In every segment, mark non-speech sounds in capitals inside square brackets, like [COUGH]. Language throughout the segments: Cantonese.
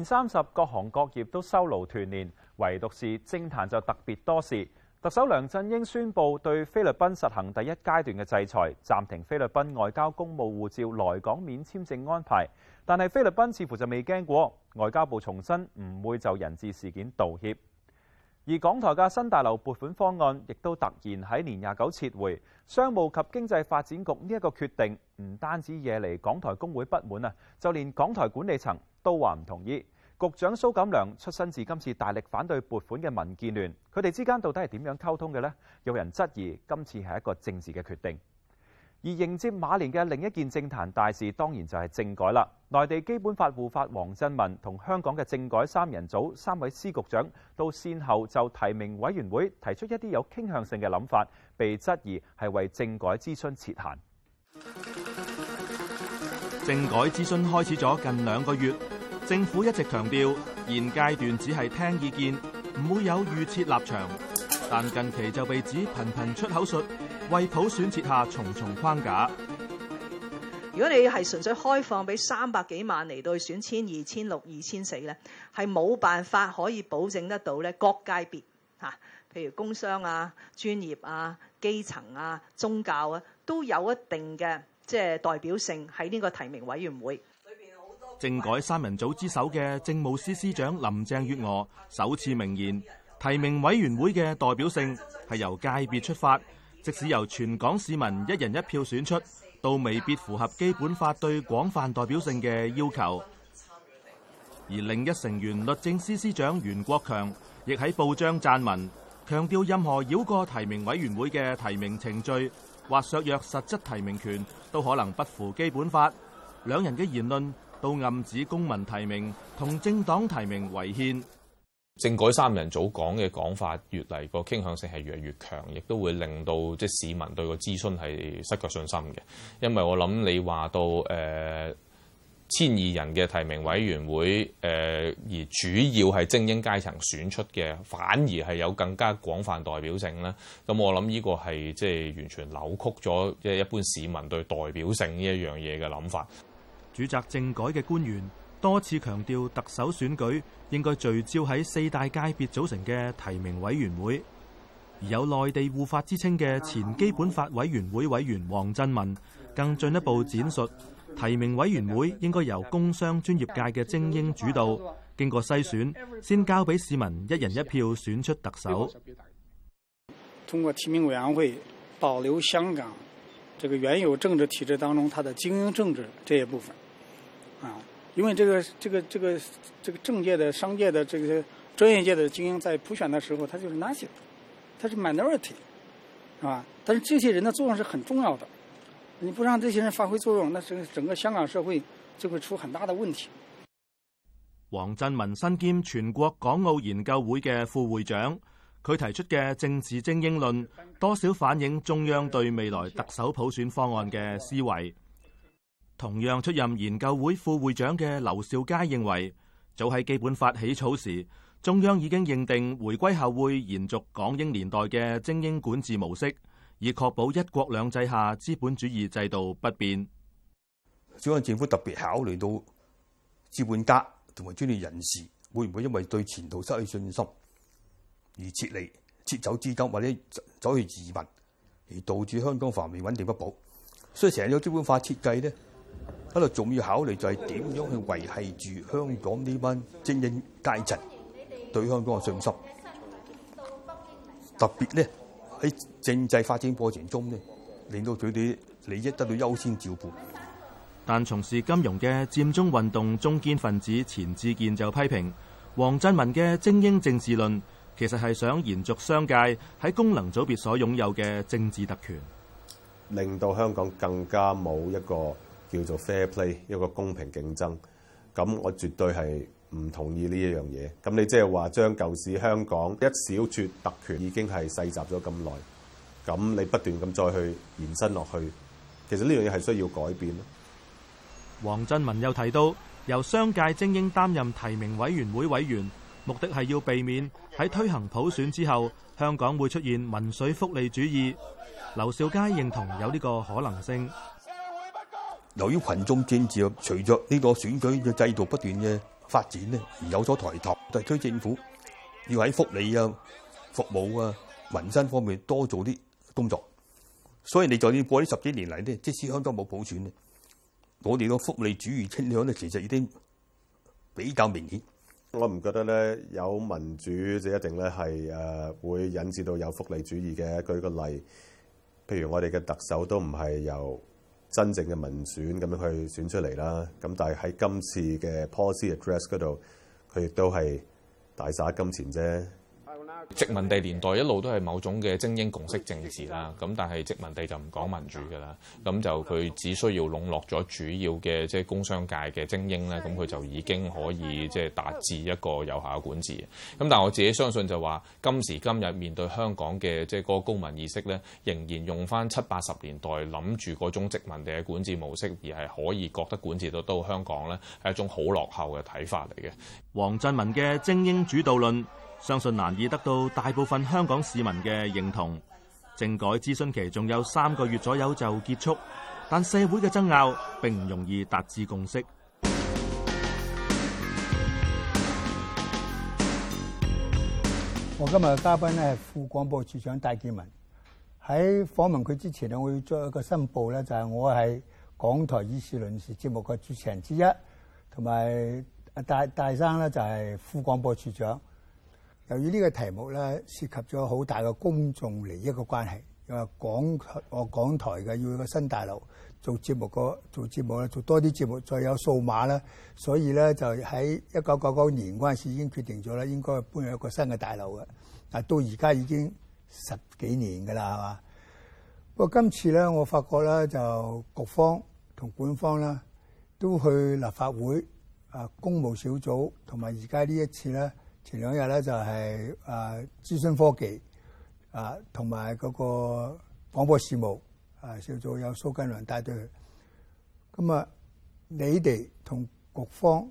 年三十，各行各業都收爐團年，唯獨是政壇就特別多事。特首梁振英宣布對菲律賓實行第一階段嘅制裁，暫停菲律賓外交公務護照來港免簽證安排。但係菲律賓似乎就未驚過，外交部重申唔會就人質事件道歉。而港台嘅新大樓撥款方案亦都突然喺年廿九撤回，商務及經濟發展局呢一個決定，唔單止惹嚟港台工會不滿啊，就連港台管理層都話唔同意。局長蘇錦良出身自今次大力反對撥款嘅民建聯，佢哋之間到底係點樣溝通嘅咧？有人質疑今次係一個政治嘅決定。而迎接馬年嘅另一件政壇大事，當然就係政改啦。內地基本法護法王振民同香港嘅政改三人組三位司局長，都先後就提名委員會提出一啲有傾向性嘅諗法，被質疑係為政改諮詢設限。政改諮詢開始咗近兩個月，政府一直強調，現階段只係聽意見，唔會有預設立場。但近期就被指頻頻出口術，為普選設下重重框架。如果你係純粹開放俾三百幾萬嚟到選千二、千六、二千四咧，係冇辦法可以保證得到咧各界別，譬如工商啊、專業啊、基層啊、宗教啊，都有一定嘅即係代表性喺呢個提名委員會裏邊好多。政改三人組之首嘅政務司司長林鄭月娥首次明言。提名委員會嘅代表性係由界別出發，即使由全港市民一人一票選出，都未必符合基本法對廣泛代表性嘅要求。而另一成員律政司司司長袁國強亦喺報章撰文，強調任何繞過提名委員會嘅提名程序或削弱實質提名權都可能不符基本法。兩人嘅言論都暗指公民提名同政黨提名違憲。政改三人組講嘅講法越來越來越，越嚟個傾向性係越嚟越強，亦都會令到即係市民對個諮詢係失去信心嘅。因為我諗你話到，誒千二人嘅提名委員會，誒、呃、而主要係精英階層選出嘅，反而係有更加廣泛代表性啦。咁我諗呢個係即係完全扭曲咗即係一般市民對代表性呢一樣嘢嘅諗法。主責政改嘅官員多次強調特首選舉應該聚焦喺四大界別組成嘅提名委員會，而有內地護法之稱嘅前基本法委員會委員王振民更進一步展述，提名委員會應該由工商專業界嘅精英主導，經過篩選，先交俾市民一人一票選出特首。通過提名委員會保留香港這個原有政治體制當中它的精英政治這一部分。因為這個、這個、這個、這個政界的、商界的、這個專業界的精英，在普選的時候，他就是 n a t h n 他是 minority，是吧？但是這些人的作用是很重要的。你不讓這些人發揮作用，那整整個香港社會就會出很大的問題。黃振文身兼全國港澳研究會嘅副會長，佢提出嘅政治精英論，多少反映中央對未來特首普選方案嘅思維。同樣出任研究會副會長嘅劉兆佳認為，早喺基本法起草時，中央已經認定回歸後會延續港英年代嘅精英管治模式，以確保一國兩制下資本主義制度不變。中央政府特別考慮到資本家同埋專業人士會唔會因為對前途失去信心而撤離、撤走資金，或者走去移民，而導致香港繁榮穩定不保，所以成個基本法設計呢。喺度仲要考慮就係點樣去維繫住香港呢班精英階層對香港嘅信心。特別咧喺政制發展過程中咧，令到佢哋利益得到優先照顧。但從事金融嘅佔中運動中堅分子錢志健就批評王振民嘅精英政治論其實，係想延續商界喺功能組別所擁有嘅政治特權，令到香港更加冇一個。叫做 fair play，一個公平競爭，咁我絕對係唔同意呢一樣嘢。咁你即係話將舊時香港一小撮特權已經係世襲咗咁耐，咁你不斷咁再去延伸落去，其實呢樣嘢係需要改變咯。王振民又提到，由商界精英擔任提名委員會委員，目的係要避免喺推行普選之後，香港會出現民粹福利主義，劉少佳認同有呢個可能性。由於群眾政治啊，隨着呢個選舉嘅制度不斷嘅發展咧，而有所抬頭。特區政府要喺福利啊、服務啊、民生方面多做啲工作。所以你就算過呢十幾年嚟咧，即使香港冇普選咧，我哋嘅福利主義傾向咧，其實已經比較明顯。我唔覺得咧，有民主就一定咧係誒會引致到有福利主義嘅。舉個例，譬如我哋嘅特首都唔係由真正嘅民選咁樣去選出嚟啦，咁但係喺今次嘅 policy address 度，佢亦都係大灑金錢啫。殖民地年代一路都係某種嘅精英共識政治啦，咁但係殖民地就唔講民主噶啦，咁就佢只需要籠絡咗主要嘅即係工商界嘅精英咧，咁佢就已經可以即係達至一個有效嘅管治。咁但係我自己相信就話，今時今日面對香港嘅即係嗰個公民意識咧，仍然用翻七八十年代諗住嗰種殖民地嘅管治模式而係可以覺得管治到到香港咧，係一種好落後嘅睇法嚟嘅。王振民嘅精英主導論，相信難以得到大部分香港市民嘅認同。政改諮詢期仲有三個月左右就結束，但社會嘅爭拗並唔容易達至共識。我今日嘅嘉賓咧，係副廣播處長戴建文。喺訪問佢之前咧，我要作一個申報咧，就係我係港台議事論事節目嘅主持人之一，同埋啊戴戴生咧，就係副廣播處長。由於呢個題目咧涉及咗好大嘅公眾利益嘅關係，又話港我港台嘅要一個新大樓做節目個做節目咧做多啲節目，再有數碼咧，所以咧就喺一九九九年嗰陣時已經決定咗咧，應該搬入一個新嘅大樓嘅。但到而家已經十幾年㗎啦，係嘛？不過今次咧，我發覺咧就局方同管方咧都去立法會啊公務小組，同埋而家呢一次咧。前兩日咧就係誒資訊科技啊，同埋嗰個廣播事務啊，小組有蘇錦樑帶隊。咁啊，你哋同局方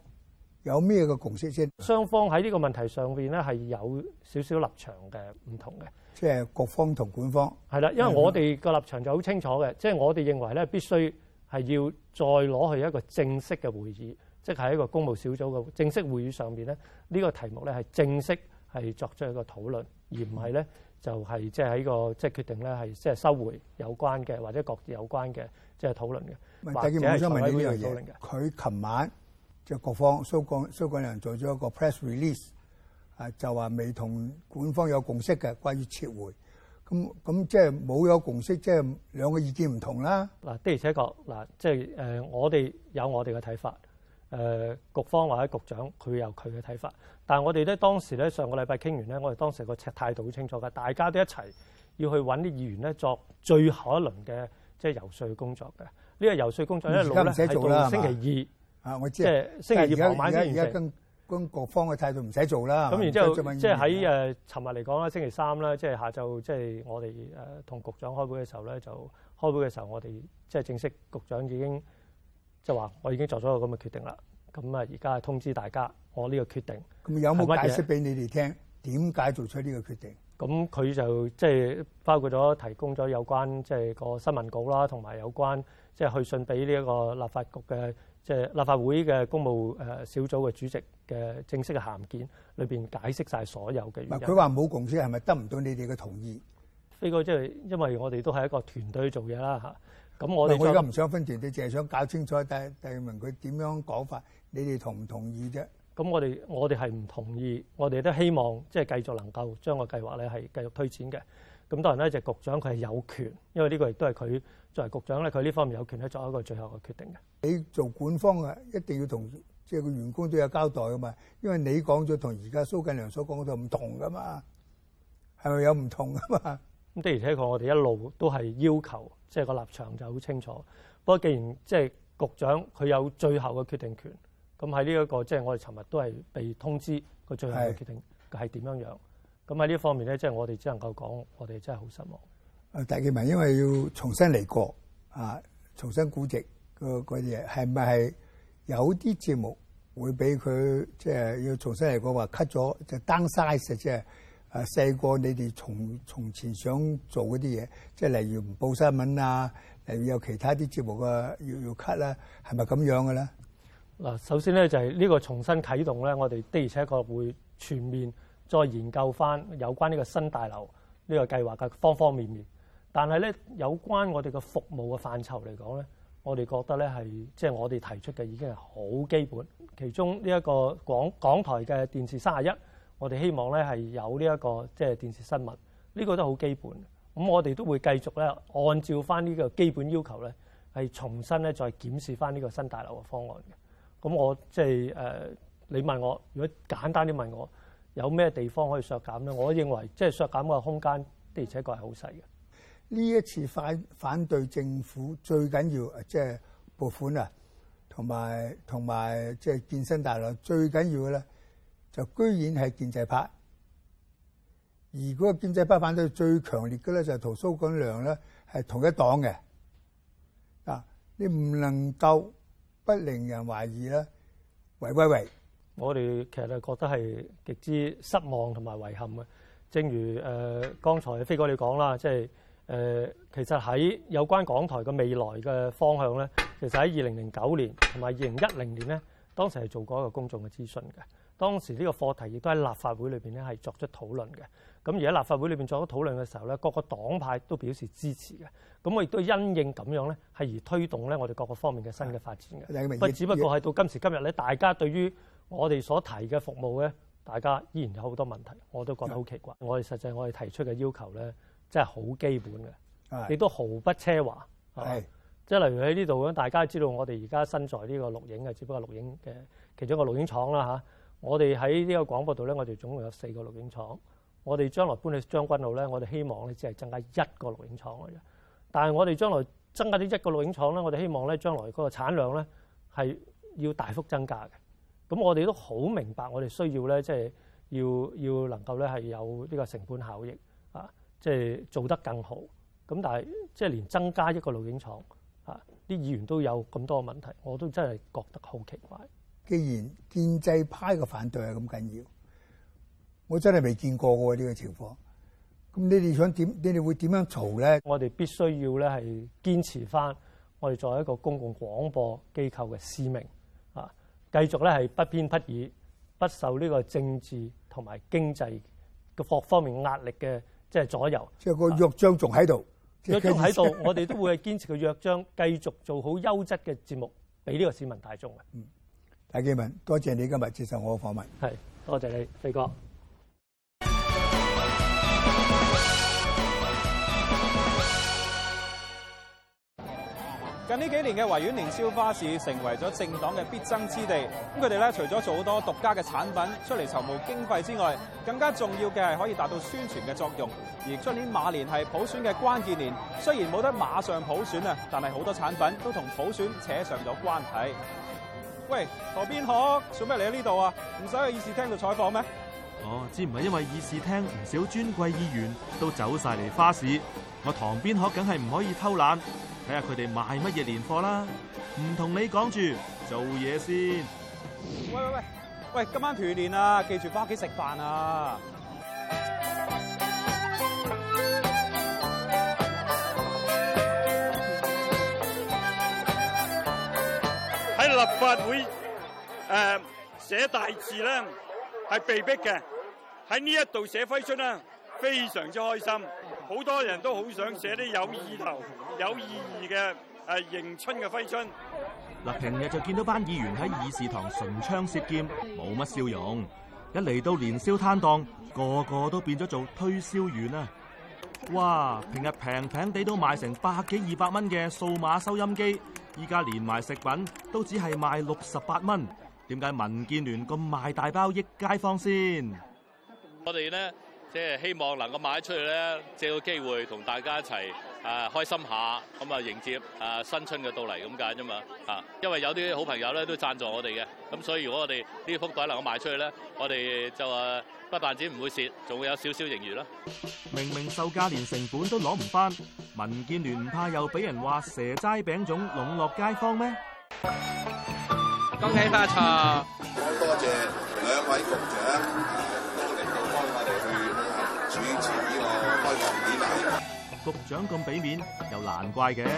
有咩個共識先？雙方喺呢個問題上邊咧，係有少少立場嘅唔同嘅。即係局方同管方。係啦，因為我哋個立場就好清楚嘅，即係、嗯、我哋認為咧，必須係要再攞去一個正式嘅會議，即係喺個公務小組嘅正式會議上邊咧，呢、呢個題目咧係正式係作出一個討論，而唔係咧就係即係喺個即係、就係、決定咧係即係收回有關嘅或者各自有關嘅即係討論嘅，問題或者想可以討論嘅。佢琴晚就各、是、方蘇國蘇國人做咗一個 press release，啊就話未同官方有共識嘅關於撤回，咁咁即係冇有共識，即係兩個意見唔同啦。嗱的而且確嗱即係誒，我哋有我哋嘅睇法。誒、呃、局方或者局長，佢有佢嘅睇法。但係我哋咧當時咧上個禮拜傾完咧，我哋當時個赤態度好清楚嘅，大家都一齊要去揾啲議員咧作最後一輪嘅即係游説工作嘅。呢、呢個游説工作嘅一路咧做到星期二，我即係星期二傍晚先。而家而家跟跟局方嘅態度唔使做啦。咁、嗯、然之後，即係喺誒尋日嚟講啦，星期三啦，即係下晝即係我哋誒、呃、同局長開會嘅時候咧，就開會嘅時候我哋即係正式局長已經。就話：我已經作咗個咁嘅決定啦。咁啊，而家通知大家我呢，我呢個決定。咁有冇解釋俾你哋聽點解做出呢個決定？咁佢就即係包括咗提供咗有關即係個新聞稿啦，同埋有，有關即係去信俾呢一個立法局嘅即係立法會嘅公務誒小組嘅主席嘅正式嘅函件，裏邊解釋晒所有嘅。原係佢話冇共識，係咪得唔到你哋嘅同意？飛哥即係因為我哋都係一個團隊做嘢啦，嚇。咁我哋我而家唔想分田，你淨係想搞清楚，第第二問佢點樣講法？你哋同唔同意啫？咁我哋我哋係唔同意，我哋都希望即係、就是、繼續能夠將個計劃咧係繼續推展嘅。咁當然咧，就、局長佢係有權，因為呢個亦都係佢作為局長咧，佢呢方面有權咧作一個最後嘅決定嘅。你做管方啊，一定要同即係個員工都有交代噶嘛，因為你講咗同而家蘇錦樑所講嗰度唔同噶嘛，係咪有唔同噶嘛？的而且確，我哋一路都係要求，即係個立場就好清楚。不過，既然即係局長佢有最後嘅決定權，咁喺呢一個即係、就是、我哋尋日都係被通知個最後嘅決定係點樣樣。咁喺呢方面咧，即、就、係、是、我哋只能夠講，我哋真係好失望。誒，戴健文，因為要重新嚟過啊，重新估值個個嘢係咪係有啲節目會俾佢即係要重新嚟過話 cut 咗，就是、down size 即係？啊！細個你哋從從前想做嗰啲嘢，即係例如唔報新聞啊，例如有其他啲節目嘅啊，要要 cut 啦，係咪咁樣嘅咧？嗱，首先咧就係、是、呢個重新啟動咧，我哋的而且確會全面再研究翻有關呢個新大樓呢個計劃嘅方方面面。但係咧，有關我哋嘅服務嘅範疇嚟講咧，我哋覺得咧係即係我哋提出嘅已經係好基本。其中呢一個廣港台嘅電視三十一。我哋希望咧係有呢一個即係電視新聞，呢、這個都好基本。咁我哋都會繼續咧按照翻呢個基本要求咧，係重新咧再檢視翻呢個新大樓嘅方案嘅。咁我即係誒，你問我，如果簡單啲問我，有咩地方可以削減咧？我認為即係削減嘅空間，而且確係好細嘅。呢一次反反對政府最緊要即係撥款啊，同埋同埋即係建新大樓最緊要嘅咧。就居然係建制派，而嗰個建制派反對最強烈嘅咧，就係同蘇錦樑咧係同一黨嘅嗱。你唔能夠不令人懷疑咧？喂喂喂！我哋其實係覺得係極之失望同埋遺憾嘅。正如誒剛才飛哥你講啦，即係誒其實喺有關港台嘅未來嘅方向咧，其實喺二零零九年同埋二零一零年咧，當時係做過一個公眾嘅諮詢嘅。當時呢個課題亦都喺立法會裏邊咧，係作出討論嘅。咁而喺立法會裏邊作咗討論嘅時候咧，各個黨派都表示支持嘅。咁我亦都因應咁樣咧，係而推動咧我哋各個方面嘅新嘅發展嘅。的不，也只不過係到今時今日咧，大家對於我哋所提嘅服務咧，大家依然有好多問題，我都覺得好奇怪。的我哋實際我哋提出嘅要求咧，真係好基本嘅，亦都毫不奢華。係即係例如喺呢度咁，大家知道我哋而家身在呢個錄影嘅，只不過錄影嘅其中一個錄影廠啦嚇。我哋喺呢個廣播度咧，我哋總共有四個錄影廠。我哋將來搬去將軍澳咧，我哋希望咧只係增加一個錄影廠嘅。但係我哋將來增加呢一個錄影廠咧，我哋希望咧將來嗰個產量咧係要大幅增加嘅。咁我哋都好明白，我哋需要咧即係要要能夠咧係有呢個成本效益啊，即係做得更好。咁但係即係連增加一個錄影廠啊，啲議員都有咁多問題，我都真係覺得好奇怪。既然建制派嘅反對係咁緊要，我真係未見過這，喎呢個情況，咁你哋想點，你哋會點樣嘈咧？我哋必須要咧係堅持翻我哋作為一個公共廣播機構嘅使命啊，繼續咧係不偏不倚，不受呢個政治同埋經濟嘅各方面壓力嘅即係左右。即係、啊、個約章仲喺度，約、啊、章喺度， [LAUGHS] 我哋都會係堅持個約章，繼續做好優質嘅節目俾呢個市民大眾嘅。嗯。戴健文，多謝你今日接受我嘅訪問。係，多謝你，飛哥。近呢幾年嘅維園年宵花市成為咗政黨嘅必爭之地。咁佢哋咧，除咗做好多獨家嘅產品出嚟籌募經費之外，更加重要嘅係可以達到宣傳嘅作用。而出年馬年係普選嘅關鍵年，雖然冇得馬上普選啊，但係好多產品都同普選扯上咗關係。喂，堂邊鶴做咩嚟喺呢度啊？唔使去議事廳度採訪咩？哦，知唔係因為議事廳唔少尊貴議員都走晒嚟花市，我堂邊鶴梗係唔可以偷懶，睇下佢哋賣乜嘢年貨啦。唔同你講住，做嘢先。喂喂喂喂，今晚團年啊，記住翻屋企食飯啊！立法會誒寫大字咧係被逼嘅，喺呢一度寫揮春呢，非常之開心，好多人都好想寫啲有意頭、有意義嘅誒迎春嘅揮春。嗱，平日就見到班議員喺議事堂唇槍舌劍，冇乜笑容，一嚟到年宵攤檔，個個都變咗做推銷員啦，啊。哇！平日平平地都賣成百幾二百蚊嘅數碼收音機，依家連埋食品都只係賣六十八蚊。點解民建聯咁賣大包益街坊先？我哋咧即係希望能夠賣出去咧，借個機會同大家一齊。誒、啊、開心下，咁啊迎接誒、啊、新春嘅到嚟咁解啫嘛！啊，因為有啲好朋友咧都贊助我哋嘅，咁、啊、所以如果我哋呢幅畫能夠賣出去咧，我哋就誒、啊、不但止唔會蝕，仲會有少少盈餘啦。明明售價連成本都攞唔翻，民建聯唔怕又俾人話蛇齋餅種籠絡街坊咩？恭喜發財！多謝兩位局長，嚟到幫我哋去主持呢個開放典禮。局長咁俾面，又難怪嘅、啊。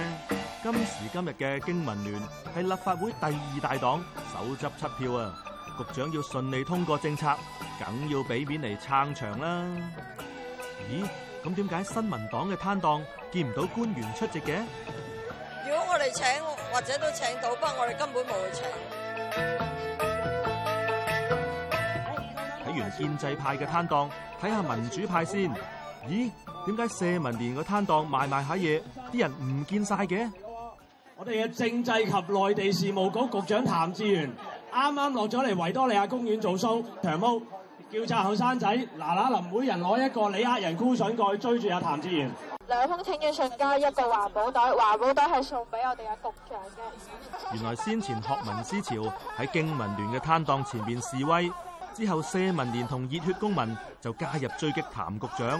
今時今日嘅經民聯係立法會第二大黨，手執七票啊！局長要順利通過政策，梗要俾面嚟撐場啦、啊。咦？咁點解新民黨嘅攤檔見唔到官員出席嘅、啊？如果我哋請或者都請到，不過我哋根本冇去請。睇完建制派嘅攤檔，睇下民主派先。咦？點解社民連個攤檔賣賣下嘢，啲人唔見晒嘅？我哋嘅政制及內地事務局局長譚志源啱啱落咗嚟維多利亞公園做 show，長毛叫渣後生仔嗱嗱臨，每人攞一個李亞人箍搶過去追住阿譚志源。兩封請願信加一個環保袋，環保袋係送俾我哋嘅局長嘅。原來先前學民思潮喺民建聯嘅攤檔前面示威之後，社民連同熱血公民就加入追擊譚局長。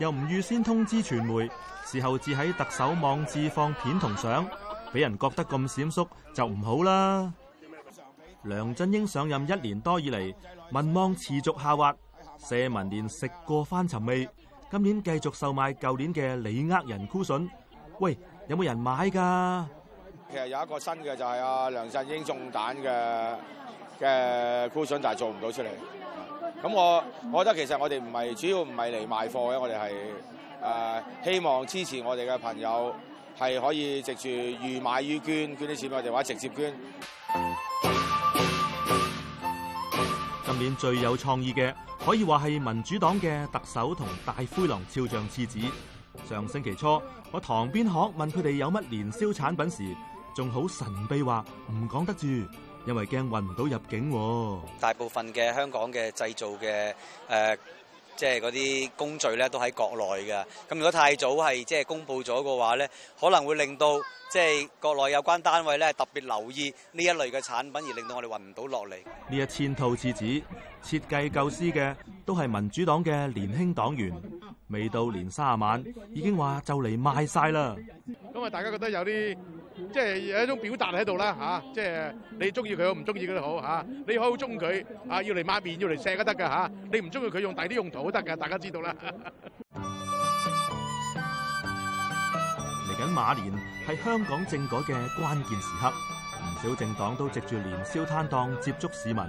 又唔預先通知傳媒，事後至喺特首網置放片同相，俾人覺得咁閃縮就唔好啦。梁振英上任一年多以嚟，民望持續下滑，社民連食過翻尋味，今年繼續售賣舊年嘅你呃人枯筍。喂，有冇人買噶？其實有一個新嘅就係阿梁振英中彈嘅嘅枯筍，但係做唔到出嚟。咁我，我覺得其實我哋唔係主要唔係嚟賣貨嘅，我哋係、呃、希望支持我哋嘅朋友係可以藉住預買預捐，捐啲錢我哋話直接捐。今年最有創意嘅，可以話係民主黨嘅特首同大灰狼肖像次子。上星期初，我堂邊學問佢哋有乜年宵產品時，仲好神秘話唔講得住。因為驚運唔到入境，大部分嘅香港嘅製造嘅誒，即係嗰啲工序咧都喺國內嘅。咁如果太早係即係公布咗嘅話咧，可能會令到即係國內有關單位咧特別留意呢一類嘅產品，而令到我哋運唔到落嚟。呢一千套廁紙，設計構思嘅都係民主黨嘅年輕黨員，未到年卅晚已經話就嚟賣晒啦，因為大家覺得有啲。即係有一種表達喺度啦嚇，即係你中意佢好唔中意佢都好嚇，你好中佢啊，要嚟抹面要嚟錫都得㗎嚇，你唔中意佢用第啲用途都得㗎，大家知道啦。嚟緊馬年係香港政改嘅關鍵時刻，唔少政黨都藉住年宵攤檔接觸市民，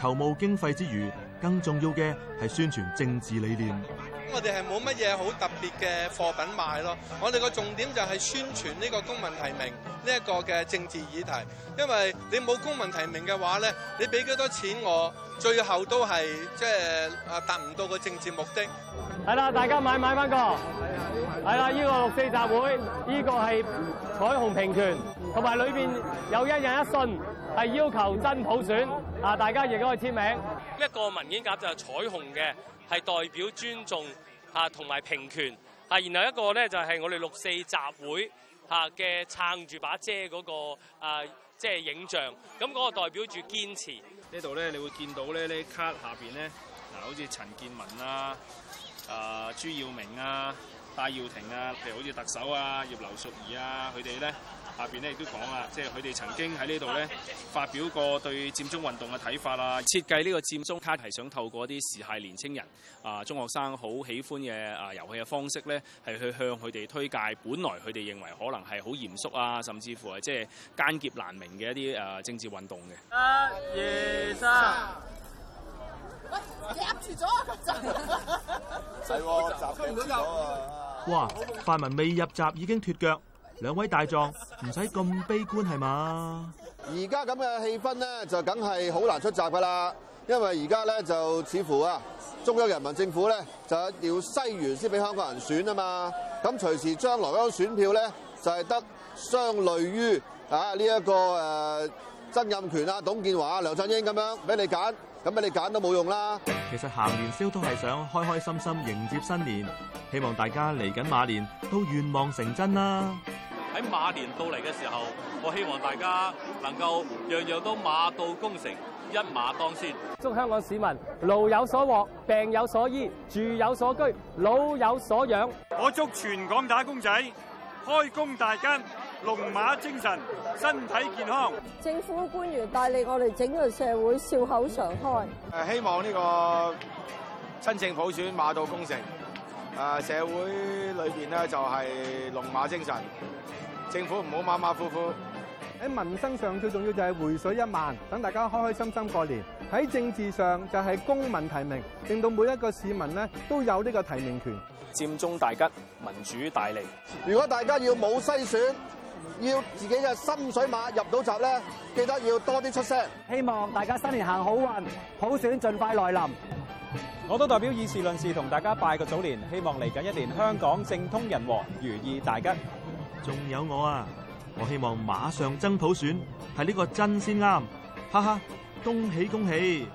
籌募經費之餘，更重要嘅係宣傳政治理念。我哋係冇乜嘢好特別嘅貨品賣咯。我哋個重點就係宣傳呢個公民提名呢一個嘅政治議題，因為你冇公民提名嘅話咧，你俾幾多錢我，最後都係即係啊達唔到個政治目的。係啦，大家買買翻個，係啦，呢個六四集會，呢個係彩虹平權，同埋裏邊有一人一信。係要求真普選啊！大家亦都可以簽名。一個文件夾就係彩虹嘅，係代表尊重啊同埋平權。係，然後一個咧就係我哋六四集會嚇嘅撐住把遮嗰、那個即係、啊就是、影像。咁、那、嗰個代表住堅持。呢度咧，你會見到咧呢卡下邊咧，嗱，好似陳健民啊、啊、呃、朱耀明啊、戴耀廷啊，譬如好似特首啊、葉劉淑儀啊，佢哋咧。下邊咧亦都講啊，即係佢哋曾經喺呢度咧發表過對佔中運動嘅睇法啊，設計呢個佔中，卡係想透過啲時下年青人啊中學生好喜歡嘅啊遊戲嘅方式咧，係去向佢哋推介本來佢哋認為可能係好嚴肅啊，甚至乎係即係艱澀難明嘅一啲、啊、政治運動嘅。一、二、三，喂，夾住咗，集、 [LAUGHS] 啊，係喎，集唔到就，哇，泛民未入閘已經脫腳。兩位大狀唔使咁悲觀係嘛？而家咁嘅氣氛咧，就梗係好難出閘噶啦。因為而家咧就似乎啊，中央人民政府咧就要篩完先俾香港人選啊嘛。咁、嗯、隨時將來嗰選票咧，就係、是、得相類於啊呢一、這個誒、呃，曾蔭權啊、董建華啊、梁振英咁樣俾你揀，咁俾你揀都冇用啦。其實行年宵都係想開開心心迎接新年，希望大家嚟緊馬年都願望成真啦。喺馬年到嚟嘅時候，我希望大家能夠樣樣都馬到功成，一馬當先。祝香港市民勞有所獲，病有所醫，住有所居，老有所養。我祝全港打工仔開工大吉，龍馬精神，身體健康。政府官員帶領我哋整個社會笑口常開。誒，希望呢個親政普選馬到功成。誒，社會裏邊呢，就係龍馬精神。政府唔好馬馬虎虎。喺民生上最重要就係回水一萬，等大家開開心心過年。喺政治上就係公民提名，令到每一個市民呢都有呢個提名權。佔中大吉，民主大利。如果大家要冇篩選，要自己嘅心水馬入到閘咧，記得要多啲出聲。希望大家新年行好運，普選盡快來臨。我都代表議事論事同大家拜個早年，希望嚟緊一年香港政通人和，如意大吉。仲有我啊！我希望馬上爭普選，係呢個真先啱。哈哈，恭喜恭喜！